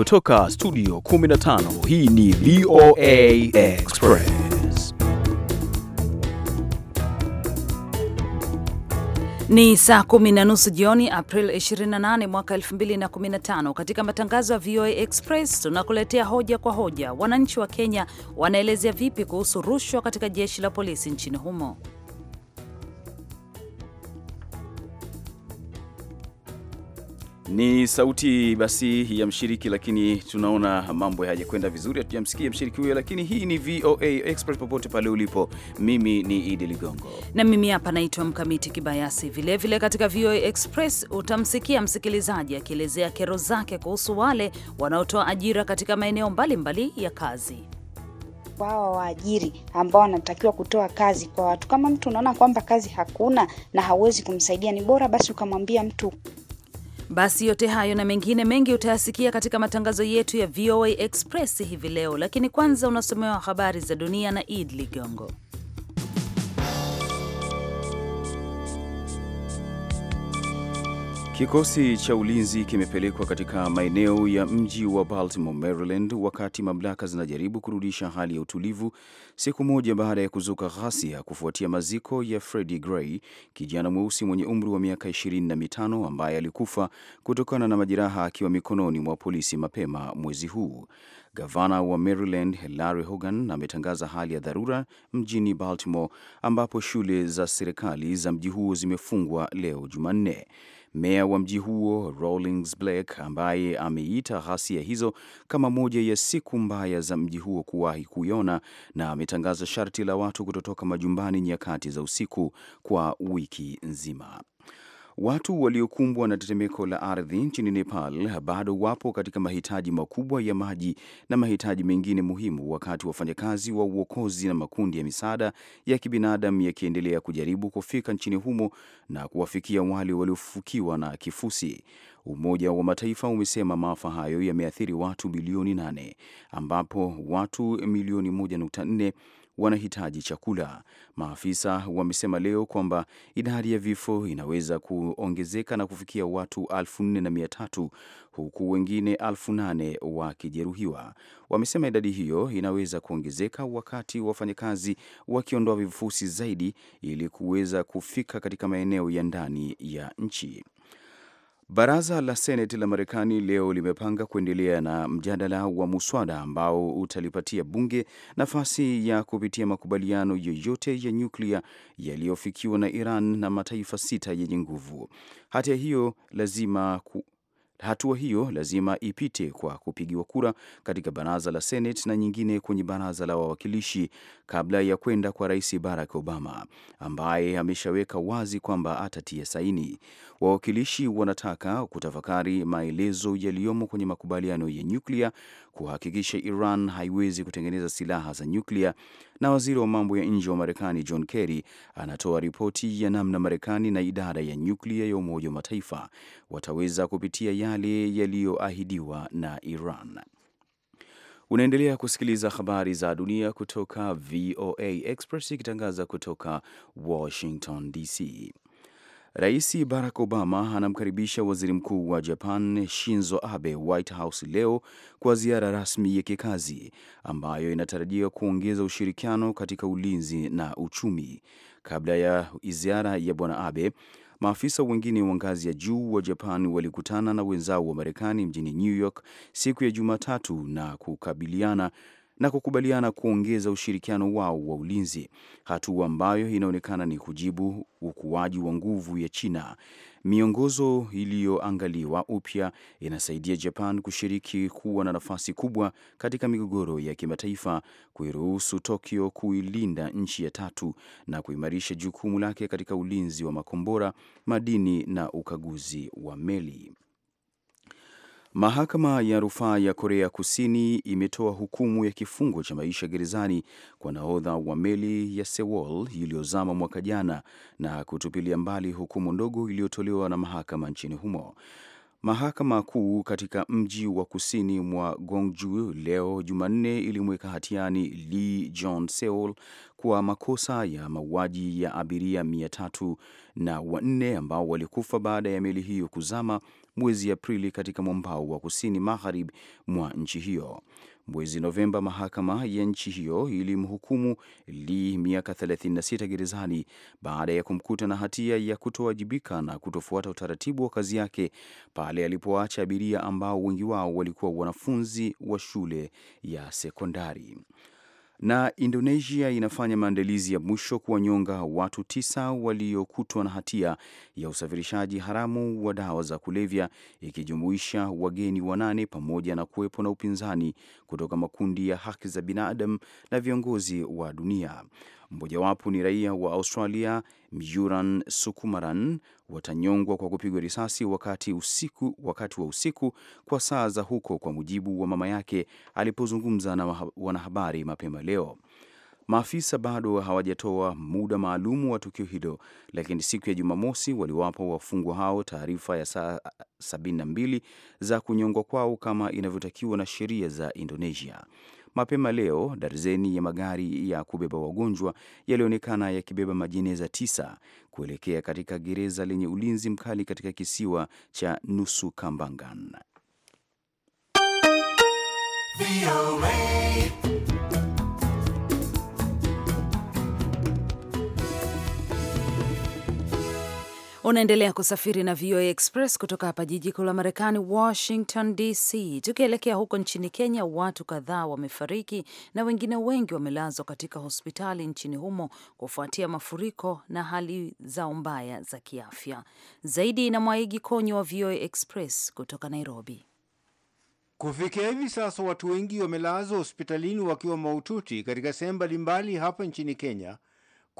Kutoka studio 15 hii ni VOA Express. Ni saa kumi na nusu jioni, April 28 mwaka 2015. Katika matangazo ya VOA Express tunakuletea hoja kwa hoja. Wananchi wa Kenya wanaelezea vipi kuhusu rushwa katika jeshi la polisi nchini humo? Ni sauti basi ya mshiriki, lakini tunaona mambo hayajakwenda vizuri, hatujamsikia mshiriki huyo, lakini hii ni VOA Express. Popote pale ulipo, mimi ni Idi Ligongo na mimi hapa naitwa Mkamiti Kibayasi. Vilevile vile katika VOA Express utamsikia msikilizaji akielezea kero zake kuhusu wale wanaotoa ajira katika maeneo mbalimbali ya kazi wao waajiri ambao wanatakiwa kutoa kazi kwa watu. Kama mtu unaona kwamba kazi hakuna na hauwezi kumsaidia, ni bora basi ukamwambia mtu basi yote hayo na mengine mengi utayasikia katika matangazo yetu ya VOA Express hivi leo, lakini kwanza unasomewa habari za dunia na Id Ligongo. Kikosi cha ulinzi kimepelekwa katika maeneo ya mji wa Baltimore, Maryland, wakati mamlaka zinajaribu kurudisha hali ya utulivu siku moja baada ya kuzuka ghasia kufuatia maziko ya Freddie Gray, kijana mweusi mwenye umri wa miaka ishirini na mitano ambaye alikufa kutokana na majeraha akiwa mikononi mwa polisi mapema mwezi huu. Gavana wa Maryland Larry Hogan ametangaza hali ya dharura mjini Baltimore, ambapo shule za serikali za mji huo zimefungwa leo Jumanne. Meya wa mji huo Rawlings Blake, ambaye ameita ghasia hizo kama moja ya siku mbaya za mji huo kuwahi kuiona, na ametangaza sharti la watu kutotoka majumbani nyakati za usiku kwa wiki nzima. Watu waliokumbwa na tetemeko la ardhi nchini Nepal bado wapo katika mahitaji makubwa ya maji na mahitaji mengine muhimu, wakati wafanyakazi wa uokozi na makundi ya misaada ya kibinadamu yakiendelea kujaribu kufika nchini humo na kuwafikia wale waliofukiwa na kifusi. Umoja wa Mataifa umesema maafa hayo yameathiri watu bilioni nane ambapo watu milioni 1.4 wanahitaji chakula. Maafisa wamesema leo kwamba idadi ya vifo inaweza kuongezeka na kufikia watu 4300 huku wengine 8000 wakijeruhiwa. Wamesema idadi hiyo inaweza kuongezeka wakati wafanyakazi wakiondoa vifusi zaidi ili kuweza kufika katika maeneo ya ndani ya nchi. Baraza la Seneti la Marekani leo limepanga kuendelea na mjadala wa muswada ambao utalipatia bunge nafasi ya kupitia makubaliano yoyote ya nyuklia yaliyofikiwa na Iran na mataifa sita yenye nguvu. Hata hiyo lazima ku Hatua hiyo lazima ipite kwa kupigiwa kura katika baraza la Senate na nyingine kwenye baraza la wawakilishi kabla ya kwenda kwa Rais Barack Obama ambaye ameshaweka wazi kwamba atatia saini. Wawakilishi wanataka kutafakari maelezo yaliyomo kwenye makubaliano ya nyuklia kuhakikisha Iran haiwezi kutengeneza silaha za nyuklia na waziri wa mambo ya nje wa Marekani John Kerry anatoa ripoti ya namna Marekani na idara ya nyuklia ya Umoja wa Mataifa wataweza kupitia yale yaliyoahidiwa na Iran. Unaendelea kusikiliza habari za dunia kutoka VOA Express ikitangaza kutoka Washington DC. Rais Barack Obama anamkaribisha waziri mkuu wa Japan Shinzo Abe White House leo kwa ziara rasmi ya kikazi ambayo inatarajiwa kuongeza ushirikiano katika ulinzi na uchumi. Kabla ya ziara ya bwana Abe, maafisa wengine wa ngazi ya juu wa Japan walikutana na wenzao wa Marekani mjini New York siku ya Jumatatu na kukabiliana na kukubaliana kuongeza ushirikiano wao wa ulinzi, hatua ambayo inaonekana ni kujibu ukuaji wa nguvu ya China. Miongozo iliyoangaliwa upya inasaidia Japan kushiriki kuwa na nafasi kubwa katika migogoro ya kimataifa, kuiruhusu Tokyo kuilinda nchi ya tatu na kuimarisha jukumu lake katika ulinzi wa makombora, madini na ukaguzi wa meli. Mahakama ya rufaa ya Korea Kusini imetoa hukumu ya kifungo cha maisha gerezani kwa nahodha wa meli ya Sewol iliyozama mwaka jana na kutupilia mbali hukumu ndogo iliyotolewa na mahakama nchini humo. Mahakama kuu katika mji wa kusini mwa gongju leo Jumanne ilimweka hatiani Lee john Seol kwa makosa ya mauaji ya abiria mia tatu na wanne ambao walikufa baada ya meli hiyo kuzama mwezi Aprili katika mwambao wa kusini magharibi mwa nchi hiyo. Mwezi Novemba, mahakama ya nchi hiyo ilimhukumu li miaka 36 gerezani baada ya kumkuta na hatia ya kutowajibika na kutofuata utaratibu wa kazi yake pale alipoacha abiria ambao wengi wao walikuwa wanafunzi wa shule ya sekondari. Na Indonesia inafanya maandalizi ya mwisho kuwanyonga watu tisa waliokutwa na hatia ya usafirishaji haramu wa dawa za kulevya ikijumuisha wageni wanane pamoja na kuwepo na upinzani kutoka makundi ya haki za binadamu na viongozi wa dunia. Mmojawapo ni raia wa Australia Myuran Sukumaran watanyongwa kwa kupigwa risasi wakati usiku, wakati wa usiku kwa saa za huko, kwa mujibu wa mama yake alipozungumza na wanahabari mapema leo. Maafisa bado hawajatoa muda maalumu wa tukio hilo, lakini siku ya Jumamosi waliwapa wafungwa hao taarifa ya saa 72 za kunyongwa kwao kama inavyotakiwa na sheria za Indonesia. Mapema leo darzeni ya magari ya kubeba wagonjwa yalionekana yakibeba majeneza tisa kuelekea katika gereza lenye ulinzi mkali katika kisiwa cha Nusu Kambangan. Unaendelea kusafiri na VOA Express kutoka hapa jiji kuu la Marekani, Washington DC. Tukielekea huko nchini Kenya, watu kadhaa wamefariki na wengine wengi wamelazwa katika hospitali nchini humo kufuatia mafuriko na hali zao mbaya za kiafya. Zaidi na Mwaigi Konyo wa VOA Express kutoka Nairobi. Kufikia hivi sasa watu wengi wamelazwa hospitalini wakiwa mahututi katika sehemu mbalimbali hapa nchini Kenya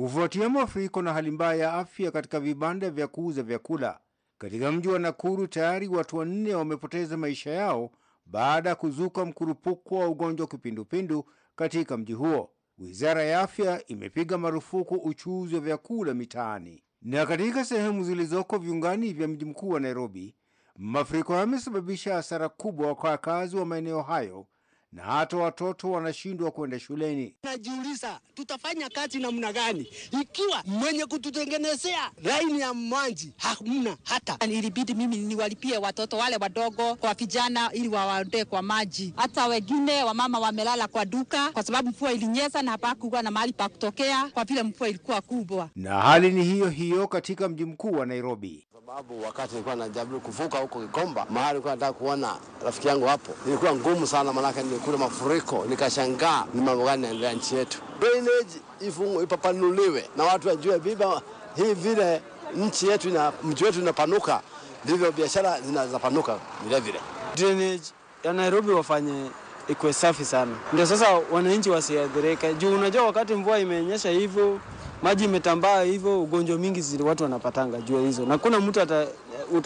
kufuatia mafuriko na hali mbaya ya afya katika vibanda vya kuuza vyakula katika mji wa Nakuru. Tayari watu wanne wamepoteza maisha yao baada ya kuzuka mkurupuko wa ugonjwa wa kipindupindu katika mji huo. Wizara ya afya imepiga marufuku uchuuzi wa vyakula mitaani. Na katika sehemu zilizoko viungani vya mji mkuu wa Nairobi, mafuriko yamesababisha hasara kubwa kwa wakazi wa maeneo hayo na hata watoto wanashindwa kwenda shuleni. Najiuliza, tutafanya kazi namna gani ikiwa mwenye kututengenezea laini ya maji hamna? Hata yaani ilibidi mimi niwalipie watoto wale wadogo kwa vijana, ili wawaondee kwa maji. Hata wengine wamama wamelala kwa duka, kwa sababu mvua ilinyeza na hapakuwa na mahali pa kutokea, kwa vile mvua ilikuwa kubwa. Na hali ni hiyo hiyo katika mji mkuu wa Nairobi sababu wakati nilikuwa najaribu kuvuka huko Kikomba, mahali nilikuwa nataka kuona rafiki yangu hapo, ilikuwa ngumu sana, maanake nilikuna mafuriko, nikashangaa ni mambo gani naendelea nchi yetu. Drainage ifungwe, ipapanuliwe na watu wajue viva hii vile nchi yetu na mji wetu inapanuka, ndivyo biashara zinazapanuka vilevile. Drainage ya Nairobi wafanye ikuwe safi sana, ndio sasa wananchi wasiadhirika juu unajua wakati mvua imenyesha hivyo maji imetambaa hivyo, ugonjwa mingi zile watu wanapatanga jua hizo, na kuna mtu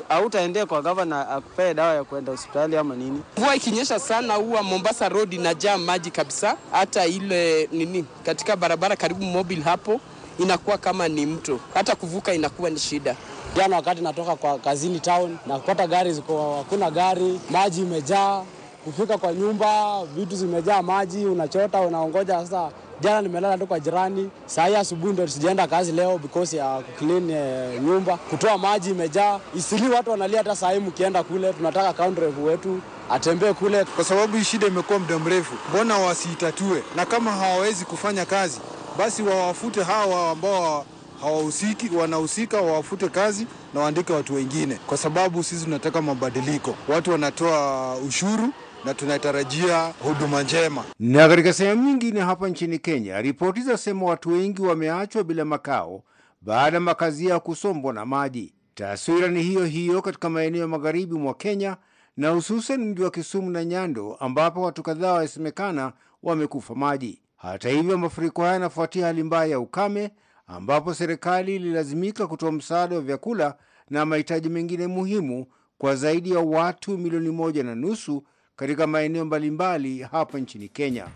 hautaendea kwa gavana akupee dawa ya kwenda hospitali ama nini. Mvua ikinyesha sana, huwa Mombasa Road inajaa maji kabisa, hata ile nini katika barabara karibu mobile hapo inakuwa kama ni mto, hata kuvuka inakuwa ni shida. Jana wakati natoka kwa kazini town na kupata gari ziko, hakuna gari, maji imejaa kufika kwa nyumba, vitu zimejaa maji, unachota unaongoja. Sasa Jana nimelala tu kwa jirani, saa hii asubuhi ndo sijaenda kazi leo because ya kuclean eh, nyumba, kutoa maji imejaa. Isili watu wanalia hata saa hii mkienda kule, tunataka kaunti wetu atembee kule, kwa sababu hii shida imekuwa muda mrefu. Mbona wasiitatue? Na kama hawawezi kufanya kazi, basi wawafute hawa ambao hawahusiki wanahusika, wawafute kazi na waandike watu wengine, kwa sababu sisi tunataka mabadiliko. Watu wanatoa ushuru na tunatarajia huduma njema. Na katika sehemu nyingine hapa nchini Kenya, ripoti zasema watu wengi wameachwa bila makao baada ya makazi yao kusombwa na maji. Taswira ni hiyo hiyo katika maeneo ya magharibi mwa Kenya na hususan mji wa Kisumu na Nyando, ambapo watu kadhaa wasemekana wamekufa maji. Hata hivyo, mafuriko haya yanafuatia hali mbaya ya ukame, ambapo serikali ililazimika kutoa msaada wa vyakula na mahitaji mengine muhimu kwa zaidi ya watu milioni moja na nusu katika maeneo mbalimbali hapa nchini Kenya.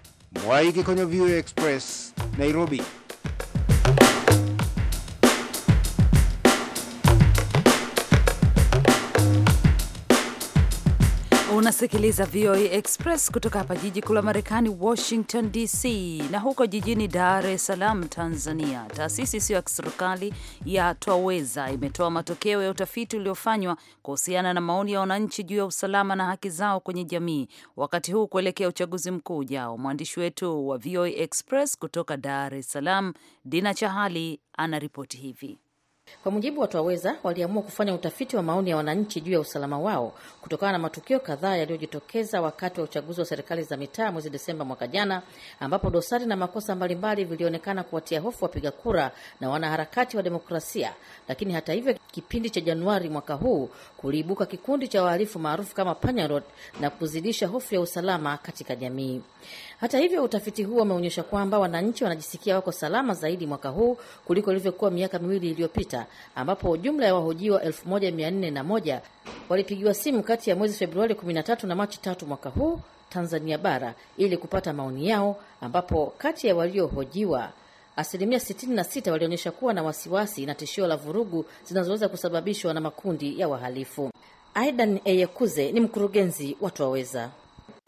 Mwaiki kwenye VOA Express, Nairobi. Unasikiliza VOA Express kutoka hapa jiji kuu la Marekani, Washington DC. Na huko jijini Dar es Salaam, Tanzania, taasisi isiyo ya kiserikali ya Twaweza imetoa matokeo ya utafiti uliofanywa kuhusiana na maoni ya wananchi juu ya usalama na haki zao kwenye jamii wakati huu kuelekea uchaguzi mkuu ujao. Mwandishi wetu wa VOA Express kutoka Dar es Salaam, Dina Chahali, anaripoti hivi. Kwa mujibu wa Twaweza, waliamua kufanya utafiti wa maoni ya wananchi juu ya usalama wao kutokana na matukio kadhaa yaliyojitokeza wakati wa uchaguzi wa serikali za mitaa mwezi Desemba mwaka jana, ambapo dosari na makosa mbalimbali vilionekana kuwatia hofu wapiga kura na wanaharakati wa demokrasia. Lakini hata hivyo, kipindi cha Januari mwaka huu kuliibuka kikundi cha wahalifu maarufu kama panyarod na kuzidisha hofu ya usalama katika jamii. Hata hivyo, utafiti huo umeonyesha kwamba wananchi wanajisikia wako salama zaidi mwaka huu kuliko ilivyokuwa miaka miwili iliyopita, ambapo jumla ya wahojiwa 1401 walipigiwa simu kati ya mwezi Februari 13 na Machi tatu mwaka huu Tanzania bara ili kupata maoni yao, ambapo kati ya waliohojiwa asilimia 66 walionyesha kuwa na wasiwasi na tishio la vurugu zinazoweza kusababishwa na makundi ya wahalifu. Aidan Eyekuze ni mkurugenzi wa Twaweza.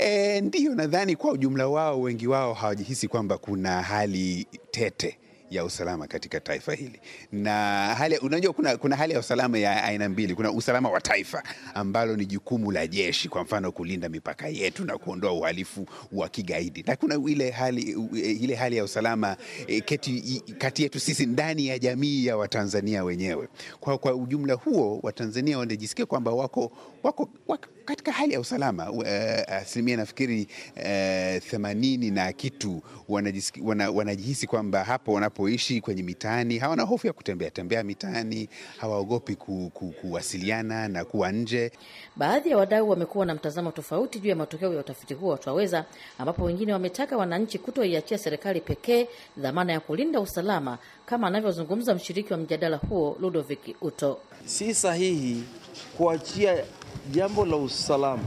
E, ndiyo nadhani kwa ujumla wao wengi wao hawajihisi kwamba kuna hali tete ya usalama katika taifa hili na hali, unajua kuna, kuna hali ya usalama ya aina mbili. Kuna usalama wa taifa ambalo ni jukumu la jeshi, kwa mfano kulinda mipaka yetu na kuondoa uhalifu wa kigaidi, na kuna ile hali, ile hali ya usalama eh, kati, kati yetu sisi ndani ya jamii ya Watanzania wenyewe. Kwa, kwa ujumla huo Watanzania wanajisikia kwamba wako, wako, wako katika hali ya usalama uh, asilimia nafikiri uh, themanini uh, na kitu wanajihisi wana, wana kwamba hapo wanapoishi kwenye mitaani hawana hofu ya kutembea tembea mitaani, hawaogopi ku, ku, kuwasiliana na kuwa nje. Baadhi ya wadau wamekuwa na mtazamo tofauti juu ya matokeo ya utafiti huo wa Twaweza, ambapo wengine wametaka wananchi kutoiachia serikali pekee dhamana ya kulinda usalama, kama anavyozungumza mshiriki wa mjadala huo Ludovic Uto. Si sahihi kuachia jambo la usalama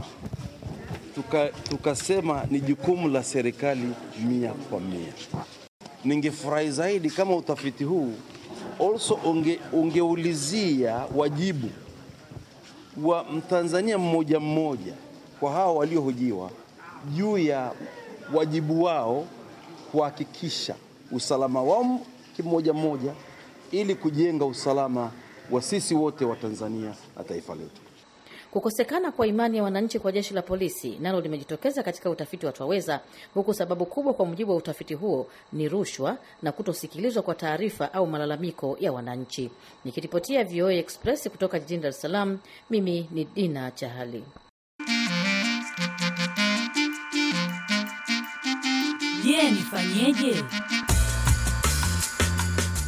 tuka, tukasema ni jukumu la serikali mia kwa mia. Ningefurahi zaidi kama utafiti huu also unge, ungeulizia wajibu wa Mtanzania mmoja mmoja kwa hawa waliohojiwa juu ya wajibu wao kuhakikisha usalama wao kimoja mmoja ili kujenga usalama wa sisi wote wa Tanzania na taifa letu. Kukosekana kwa imani ya wananchi kwa jeshi la polisi nalo limejitokeza katika utafiti wa Twaweza, huku sababu kubwa kwa mujibu wa utafiti huo ni rushwa na kutosikilizwa kwa taarifa au malalamiko ya wananchi. Nikiripotia VOA Express kutoka jijini Dar es Salaam, mimi ni Dina Chahali. Je, nifanyeje?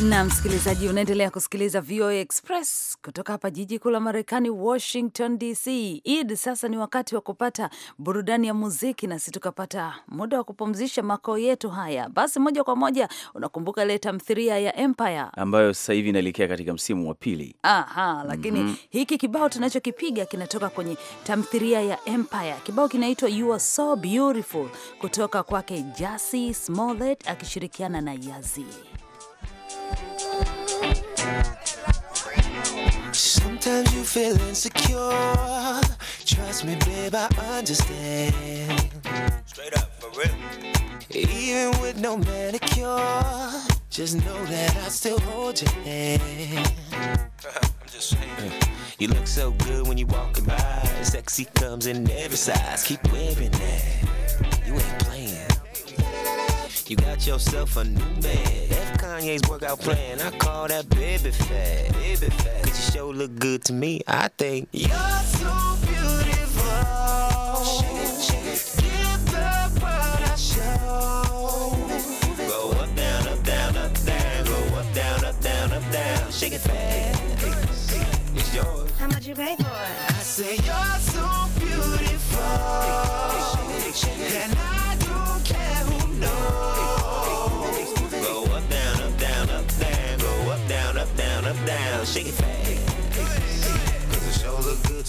na msikilizaji, unaendelea kusikiliza VOA Express kutoka hapa jiji kuu la Marekani, Washington DC. Id, sasa ni wakati wa kupata burudani ya muziki, nasi tukapata muda wa kupumzisha makao yetu haya. Basi moja kwa moja, unakumbuka ile tamthiria ya Empire ambayo sasa hivi inaelekea katika msimu wa pili. Aha, lakini mm -hmm. hiki kibao tunachokipiga kinatoka kwenye tamthiria ya Empire. Kibao kinaitwa You Are So Beautiful kutoka kwake Jussie Smollett akishirikiana na yazi Sometimes you feel insecure. Trust me, babe, I understand. Straight up, for real. Even with no manicure, just know that I still hold your hand. I'm just saying. Mm. You look so good when you walking by. Sexy comes in every size. Keep wearing that. You ain't playing. You got yourself a new man. That's Kanye's workout plan. I call that baby fat. Baby fat. Cause your show look good to me. I think you're so beautiful. Give the world a show. Go up, down, up, down, up, down. Go up, down, up, down, up, down. Shake it fast. It's yours. How much you pay for it? I say yours.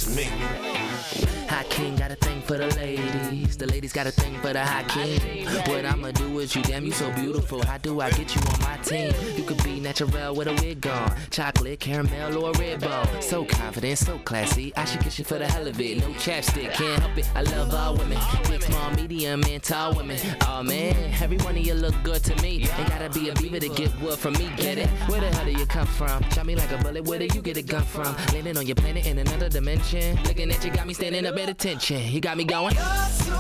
me. Hot King got a thing for the ladies. The ladies got a thing for the hot king. What I'ma do is you, damn, you so beautiful. How do I get you on my team? You could be natural with a wig on, chocolate, caramel, or red bow. So confident, so classy. I should kiss you for the hell of it. No chapstick, can't help it. I love all women, big, small, medium, and tall women. Oh man, every one of you look good to me. Ain't gotta be a beaver to get wood from me. Get it? Where the hell do you come from? Shot me like a bullet. Where do you get a gun from? Landing on your planet in another dimension. Looking at you got me standing up at attention. You got me going.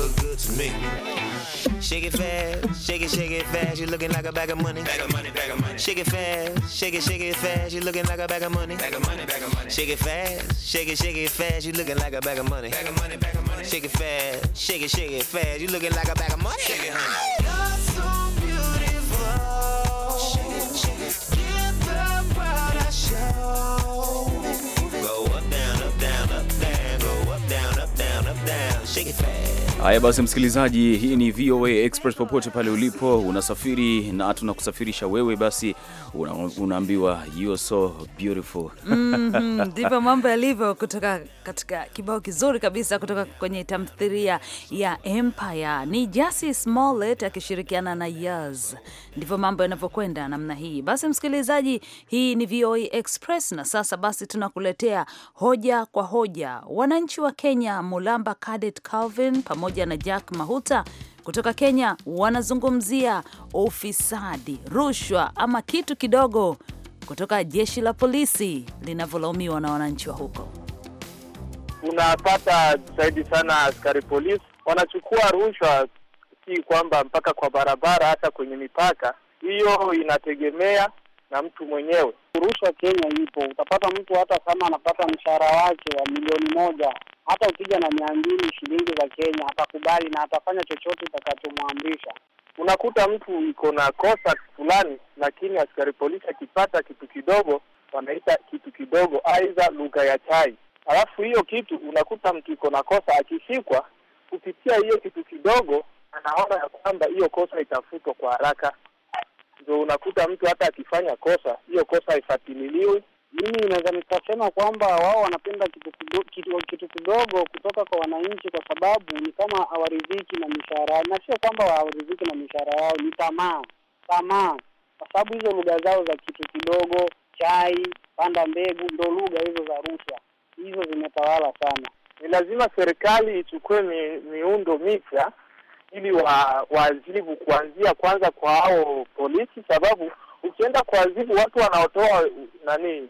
look good to me. Shake it fast, shake it, shake it fast. You looking like a bag of money. Bag of money, bag of money. Shake it fast, shake it, shake it fast. You looking like a bag of money. Bag of money, bag of money. Shake it fast, shake it, shake it fast. You looking like a bag of money. Bag of money, bag of money. Shake it fast, shake it, shake it fast. You looking like a bag of money. Shake it, honey. You're so beautiful. Shake it, shake it. Give the world a show. Go up, down, up, down, up, down. Go up, down, up, down, up, down. Shake it fast. Haya basi, msikilizaji, hii ni VOA Express. Popote pale ulipo unasafiri na tunakusafirisha wewe, basi una, unaambiwa you so beautiful. Mhm, ndivyo mambo yalivyo kutoka katika kibao kizuri kabisa kutoka kwenye tamthilia ya Empire. Ni Jussie Smollett akishirikiana na Yaz. Ndivyo mambo yanavyokwenda namna hii. Basi msikilizaji, hii ni VOA Express na sasa basi tunakuletea hoja kwa hoja. Wananchi wa Kenya Mulamba Cadet Calvin pamoja na Jack Mahuta kutoka Kenya wanazungumzia ufisadi, rushwa ama kitu kidogo kutoka jeshi la polisi linavyolaumiwa na wananchi wa huko unapata zaidi sana askari polisi wanachukua rushwa, si kwamba mpaka kwa barabara, hata kwenye mipaka. Hiyo inategemea na mtu mwenyewe. Rushwa Kenya ipo, utapata mtu hata kama anapata mshahara wake wa milioni moja, hata ukija na mia mbili shilingi za Kenya atakubali na atafanya chochote utakachomwamrisha. Unakuta mtu iko na kosa fulani, lakini askari polisi akipata kitu kidogo, wanaita kitu kidogo, aidha lugha ya chai Alafu hiyo kitu unakuta mtu iko na kosa, akishikwa kupitia hiyo kitu kidogo, anaona ya kwamba hiyo kosa itafutwa kwa haraka. Ndio unakuta mtu hata akifanya kosa, hiyo kosa haifatililiwi. Mimi naweza nikasema kwamba wao wanapenda kitu kidogo, kitu, kitu kidogo kutoka kwa wananchi, kwa sababu ni kama hawaridhiki na mishahara, na sio kwamba hawaridhiki na mishahara yao, ni tamaa, tamaa, kwa sababu hizo lugha zao za kitu kidogo, chai, panda mbegu, ndo lugha hizo za rushwa hizo zimetawala sana. Ni lazima serikali ichukue mi, miundo mipya ili wa, waadhibu kuanzia kwanza kwa hao polisi, sababu ukienda kuazibu watu wanaotoa nani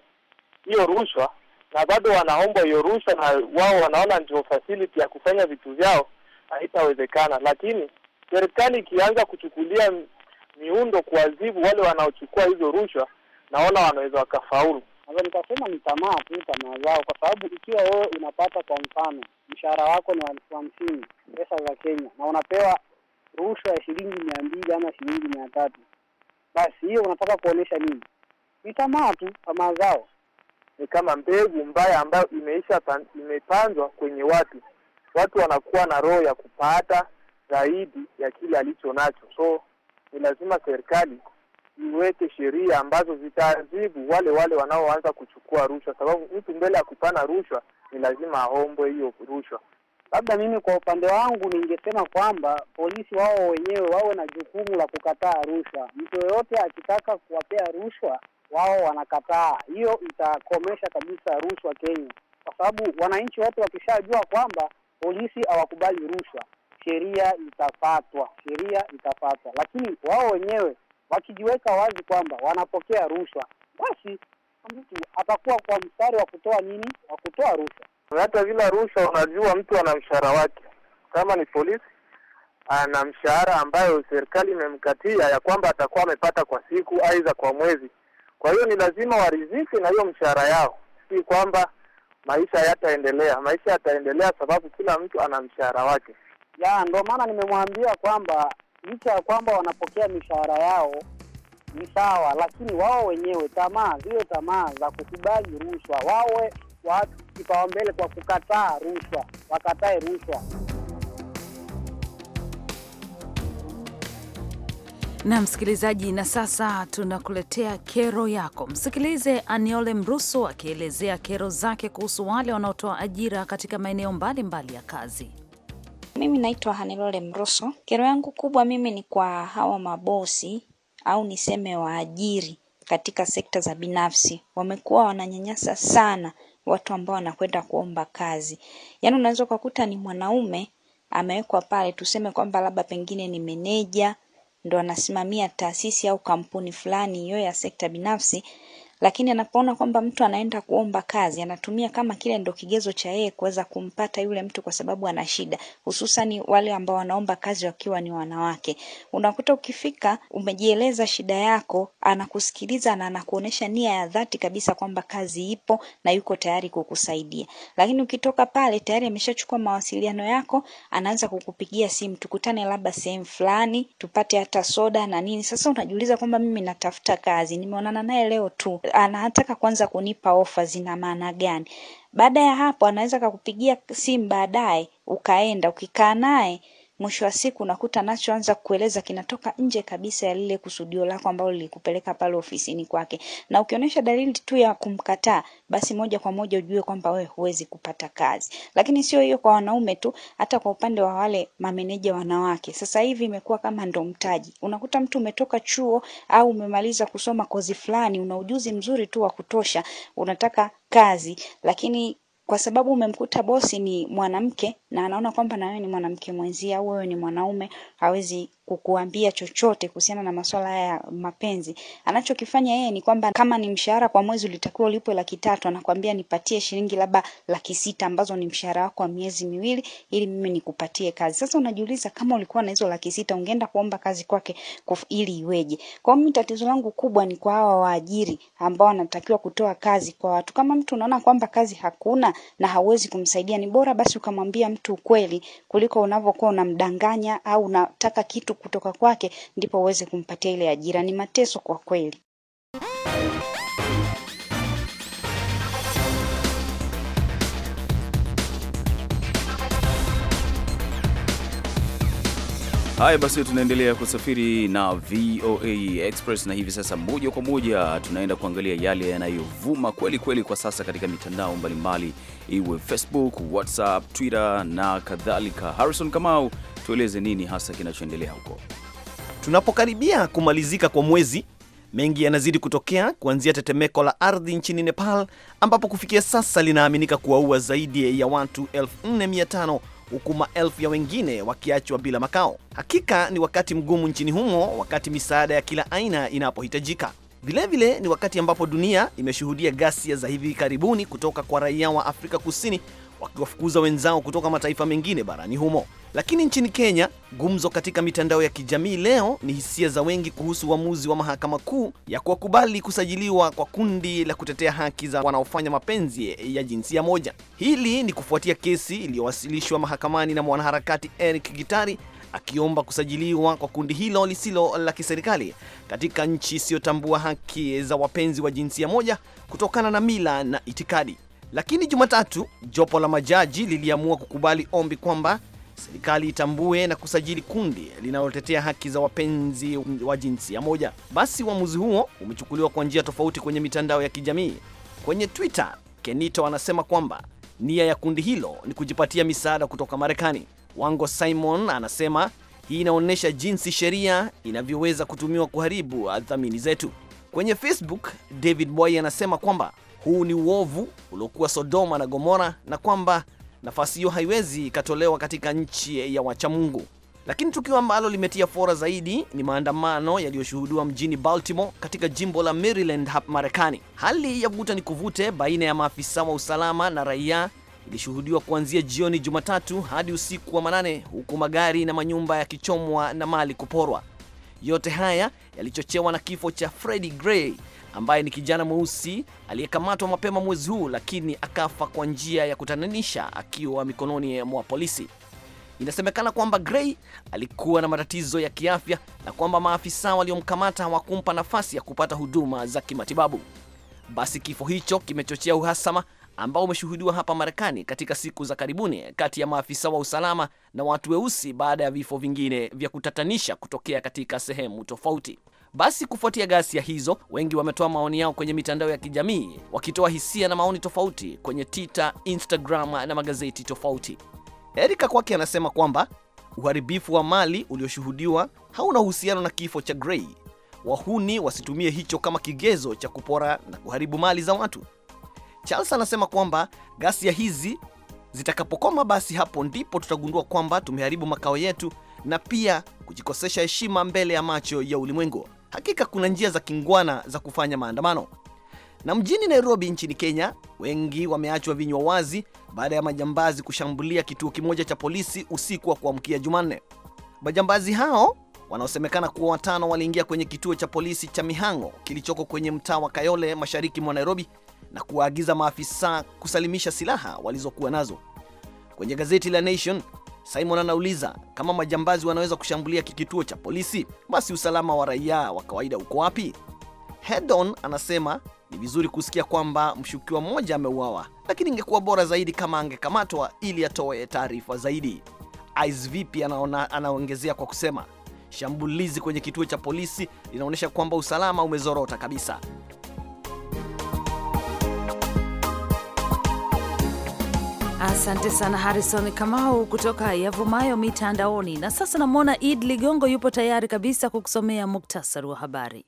hiyo rushwa na bado wanaomba hiyo rushwa na wao wanaona ndio facility ya kufanya vitu vyao, haitawezekana. Lakini serikali ikianza kuchukulia miundo kuazibu wale wanaochukua hizo rushwa, naona wanaweza wakafaulu. Sasa nikasema ni tamaa tu, tamaa zao, kwa sababu ikiwa wewe unapata kwa mfano mshahara wako ni elfu hamsini pesa za Kenya na unapewa rushwa ya shilingi mia mbili ama shilingi mia tatu basi hiyo unataka kuonesha nini? Ni tamaa tu, tamaa zao ni kama mbegu mbaya ambayo imeisha imepandwa kwenye watu. Watu wanakuwa na roho ya kupata zaidi ya kile alicho nacho, so ni lazima serikali iweke sheria ambazo zitaadhibu wale wale wanaoanza kuchukua rushwa, sababu mtu mbele ya kupana rushwa ni lazima aombwe hiyo rushwa. Labda mimi kwa upande wangu ningesema kwamba polisi wao wenyewe wawe na jukumu la kukataa rushwa. Mtu yoyote akitaka kuwapea rushwa, wao wanakataa. Hiyo itakomesha kabisa rushwa Kenya, kwa sababu wananchi wote wakishajua kwamba polisi hawakubali rushwa, sheria itafatwa, sheria itafatwa, lakini wao wenyewe wakijiweka wazi kwamba wanapokea rushwa, basi mtu atakuwa kwa mstari wa kutoa nini, wa kutoa rushwa. Hata bila rushwa, unajua mtu ana mshahara wake, kama ni polisi ana mshahara ambayo serikali imemkatia ya kwamba atakuwa amepata kwa siku, aidha kwa mwezi. Kwa hiyo ni lazima warizike na hiyo mshahara yao, si kwamba maisha yataendelea. Maisha yataendelea sababu kila mtu ana mshahara wake ya, ndio maana nimemwambia kwamba licha ya kwamba wanapokea mishahara yao ni sawa, lakini wao wenyewe tamaa, zile tamaa za kukubali rushwa, wawe watu kipaumbele kwa kukataa rushwa, wakatae rushwa. Na msikilizaji, na sasa tunakuletea kero yako. Msikilize Aniole Mruso akielezea kero zake kuhusu wale wanaotoa ajira katika maeneo mbalimbali ya kazi. Mimi naitwa hanelole Mroso. Kero yangu kubwa mimi ni kwa hawa mabosi au niseme waajiri katika sekta za binafsi. Wamekuwa wananyanyasa sana watu ambao wanakwenda kuomba kazi. Yaani unaweza ukakuta ni mwanaume amewekwa pale, tuseme kwamba labda pengine ni meneja, ndo anasimamia taasisi au kampuni fulani hiyo ya sekta binafsi, lakini anapoona kwamba mtu anaenda kuomba kazi, anatumia kama kile ndo kigezo cha yeye kuweza kumpata yule mtu kwa sababu ana shida, hususan wale ambao wanaomba kazi wakiwa ni wanawake. Unakuta ukifika umejieleza shida yako, anakusikiliza na anakuonesha nia ya dhati kabisa kwamba kazi ipo na yuko tayari kukusaidia. Lakini ukitoka pale tayari ameshachukua mawasiliano yako, anaanza kukupigia simu, tukutane labda sehemu fulani, tupate hata soda na nini. Sasa unajiuliza kwamba mimi natafuta kazi, nimeonana naye leo tu, anataka kwanza kunipa ofa zina maana gani. Baada ya hapo anaweza akakupigia simu baadaye ukaenda ukikaa naye mwisho wa siku unakuta anachoanza kueleza kinatoka nje kabisa ya lile kusudio lako ambalo lilikupeleka pale ofisini kwake. Na ukionyesha dalili tu ya kumkataa, basi moja kwa moja ujue kwamba wewe huwezi kupata kazi. Lakini sio hiyo kwa wanaume tu, hata kwa upande wa wale mameneja wanawake. Sasa hivi imekuwa kama ndo mtaji. Unakuta mtu umetoka chuo au umemaliza kusoma kozi fulani, una ujuzi mzuri tu wa kutosha, unataka kazi lakini kwa sababu umemkuta bosi ni mwanamke na anaona kwamba na wewe ni mwanamke mwenzia au wewe ni mwanaume hawezi kukuambia chochote kuhusiana na masuala ya mapenzi. Anachokifanya yeye ni kwamba kama ni mshahara kwa mwezi ulitakiwa ulipwe laki tatu, anakwambia nipatie shilingi labda laki sita ambazo ni mshahara wako wa miezi miwili ili mimi nikupatie kazi. Sasa unajiuliza kama ulikuwa na hizo laki sita ungeenda kuomba kazi kwake ili iweje? Kwa mimi tatizo langu kubwa ni kwa hawa waajiri ambao wanatakiwa kutoa kazi kwa watu. Kama mtu unaona kwamba kazi hakuna na hauwezi kumsaidia, ni bora basi ukamwambia mtu ukweli kuliko unavyokuwa unamdanganya au unataka kitu kutoka kwake ndipo uweze kumpatia ile ajira. Ni mateso kwa kweli. Haya basi, tunaendelea kusafiri na VOA Express na hivi sasa moja kwa moja tunaenda kuangalia yale yanayovuma kweli kweli kwa sasa katika mitandao mbalimbali, iwe Facebook, WhatsApp, Twitter na kadhalika. Harrison Kamau, tueleze nini hasa kinachoendelea huko. Tunapokaribia kumalizika kwa mwezi, mengi yanazidi kutokea, kuanzia tetemeko la ardhi nchini Nepal ambapo kufikia sasa linaaminika kuwaua zaidi ya watu 4500 huku maelfu ya wengine wakiachwa bila makao. Hakika ni wakati mgumu nchini humo, wakati misaada ya kila aina inapohitajika. Vilevile ni wakati ambapo dunia imeshuhudia ghasia za hivi karibuni kutoka kwa raia wa Afrika Kusini wakiwafukuza wenzao kutoka mataifa mengine barani humo. Lakini nchini Kenya, gumzo katika mitandao ya kijamii leo ni hisia za wengi kuhusu uamuzi wa mahakama kuu ya kuwakubali kusajiliwa kwa kundi la kutetea haki za wanaofanya mapenzi ya jinsia moja. Hili ni kufuatia kesi iliyowasilishwa mahakamani na mwanaharakati Eric Gitari akiomba kusajiliwa kwa kundi hilo lisilo la kiserikali katika nchi isiyotambua haki za wapenzi wa jinsia moja kutokana na mila na itikadi. Lakini Jumatatu jopo la majaji liliamua kukubali ombi kwamba serikali itambue na kusajili kundi linalotetea haki za wapenzi wa jinsia moja. Basi uamuzi huo umechukuliwa kwa njia tofauti kwenye mitandao ya kijamii. Kwenye Twitter, Kenito anasema kwamba nia ya kundi hilo ni kujipatia misaada kutoka Marekani. Wango Simon anasema hii inaonyesha jinsi sheria inavyoweza kutumiwa kuharibu dhamini zetu. Kwenye Facebook, David Boy anasema kwamba huu ni uovu uliokuwa Sodoma na Gomora, na kwamba nafasi hiyo haiwezi ikatolewa katika nchi ya wachamungu. Lakini tukio ambalo limetia fora zaidi ni maandamano yaliyoshuhudiwa mjini Baltimore katika jimbo la Maryland hapa Marekani. Hali ya vuta ni kuvute baina ya maafisa wa usalama na raia ilishuhudiwa kuanzia jioni Jumatatu hadi usiku wa manane, huku magari na manyumba yakichomwa na mali kuporwa. Yote haya yalichochewa na kifo cha Freddie Gray ambaye ni kijana mweusi aliyekamatwa mapema mwezi huu, lakini akafa kwa njia ya kutatanisha akiwa mikononi mwa polisi. Inasemekana kwamba Gray alikuwa na matatizo ya kiafya na kwamba maafisa waliomkamata hawakumpa nafasi ya kupata huduma za kimatibabu. Basi kifo hicho kimechochea uhasama ambao umeshuhudiwa hapa Marekani katika siku za karibuni kati ya maafisa wa usalama na watu weusi baada ya vifo vingine vya kutatanisha kutokea katika sehemu tofauti. Basi kufuatia ghasia hizo, wengi wametoa maoni yao kwenye mitandao ya kijamii wakitoa hisia na maoni tofauti kwenye Twitter, Instagram na magazeti tofauti. Erika kwake anasema kwamba uharibifu wa mali ulioshuhudiwa hauna uhusiano na kifo cha Gray. Wahuni wasitumie hicho kama kigezo cha kupora na kuharibu mali za watu. Charles anasema kwamba ghasia hizi zitakapokoma, basi hapo ndipo tutagundua kwamba tumeharibu makao yetu na pia kujikosesha heshima mbele ya macho ya ulimwengu. Hakika kuna njia za kingwana za kufanya maandamano. Na mjini Nairobi nchini Kenya, wengi wameachwa vinywa wazi baada ya majambazi kushambulia kituo kimoja cha polisi usiku wa kuamkia Jumanne. Majambazi hao wanaosemekana kuwa watano waliingia kwenye kituo cha polisi cha Mihang'o kilichoko kwenye mtaa wa Kayole mashariki mwa Nairobi na kuwaagiza maafisa kusalimisha silaha walizokuwa nazo. Kwenye gazeti la Nation, Simon anauliza kama majambazi wanaweza kushambulia kituo cha polisi, basi usalama wa raia wa kawaida uko wapi? Hedon anasema ni vizuri kusikia kwamba mshukiwa mmoja ameuawa, lakini ingekuwa bora zaidi kama angekamatwa ili atoe taarifa zaidi. ISVP anaongezea kwa kusema shambulizi kwenye kituo cha polisi linaonyesha kwamba usalama umezorota kabisa. Asante sana Harrison Kamau kutoka yavumayo mitandaoni. Na sasa namwona Id Ligongo yupo tayari kabisa kukusomea muktasari wa habari.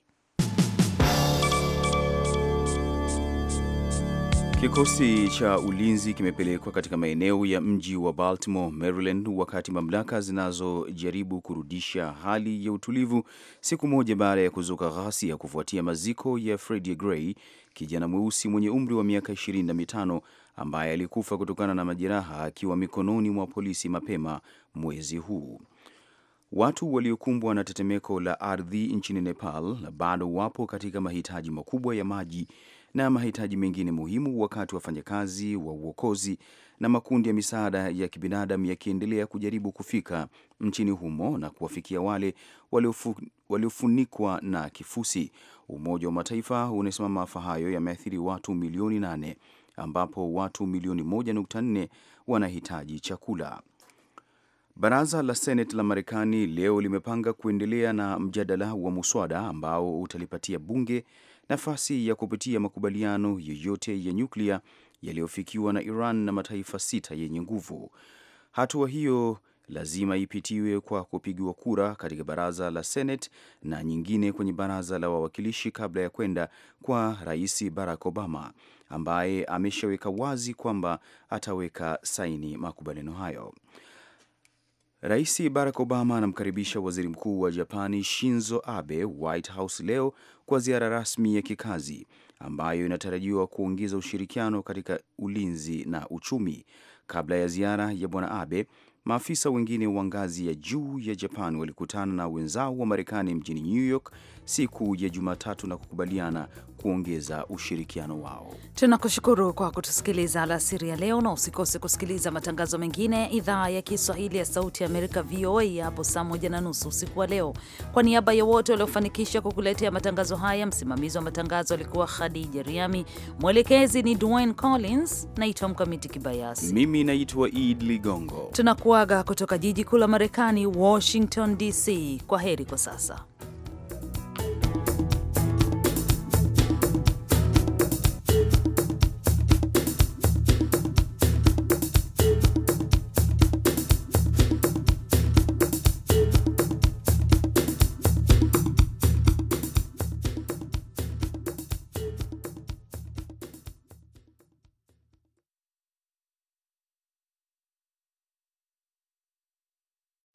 Kikosi cha ulinzi kimepelekwa katika maeneo ya mji wa Baltimore, Maryland, wakati mamlaka zinazojaribu kurudisha hali ya utulivu siku moja baada ya kuzuka ghasia kufuatia maziko ya Freddie Gray, kijana mweusi mwenye umri wa miaka ishirini na mitano ambaye alikufa kutokana na majeraha akiwa mikononi mwa polisi mapema mwezi huu. Watu waliokumbwa na tetemeko la ardhi nchini Nepal bado wapo katika mahitaji makubwa ya maji na mahitaji mengine muhimu, wakati wafanyakazi wa uokozi na makundi ya misaada ya kibinadamu yakiendelea kujaribu kufika nchini humo na kuwafikia wale waliofunikwa na kifusi. Umoja wa Mataifa unasema maafa hayo yameathiri watu milioni nane ambapo watu milioni 1.4 wanahitaji chakula. Baraza la Seneti la Marekani leo limepanga kuendelea na mjadala wa muswada ambao utalipatia bunge nafasi ya kupitia makubaliano yoyote ya nyuklia yaliyofikiwa na Iran na mataifa sita yenye nguvu. Hatua hiyo lazima ipitiwe kwa kupigiwa kura katika baraza la Seneti na nyingine kwenye baraza la wawakilishi kabla ya kwenda kwa Rais Barack Obama ambaye ameshaweka wazi kwamba ataweka saini makubaliano hayo. Rais Barack Obama anamkaribisha waziri mkuu wa Japani Shinzo Abe White House leo kwa ziara rasmi ya kikazi ambayo inatarajiwa kuongeza ushirikiano katika ulinzi na uchumi. Kabla ya ziara ya bwana Abe, Maafisa wengine wa ngazi ya juu ya Japan walikutana na wenzao wa Marekani mjini New York siku ya Jumatatu na kukubaliana kuongeza ushirikiano wao. Tunakushukuru kwa kutusikiliza alasiri ya leo, na usikose kusikiliza matangazo mengine ya idhaa ya Kiswahili ya Sauti ya Amerika, VOA, hapo saa moja na nusu usiku wa leo. Kwa niaba ya wote waliofanikisha kukuletea matangazo haya, msimamizi wa matangazo alikuwa Khadija Riami, mwelekezi ni Dwayne Collins, naitwa Mkamiti Kibayasi, mimi naitwa Id Ligongo. Tunaku kukuaga kutoka jiji kuu la Marekani, Washington DC. Kwa heri kwa sasa.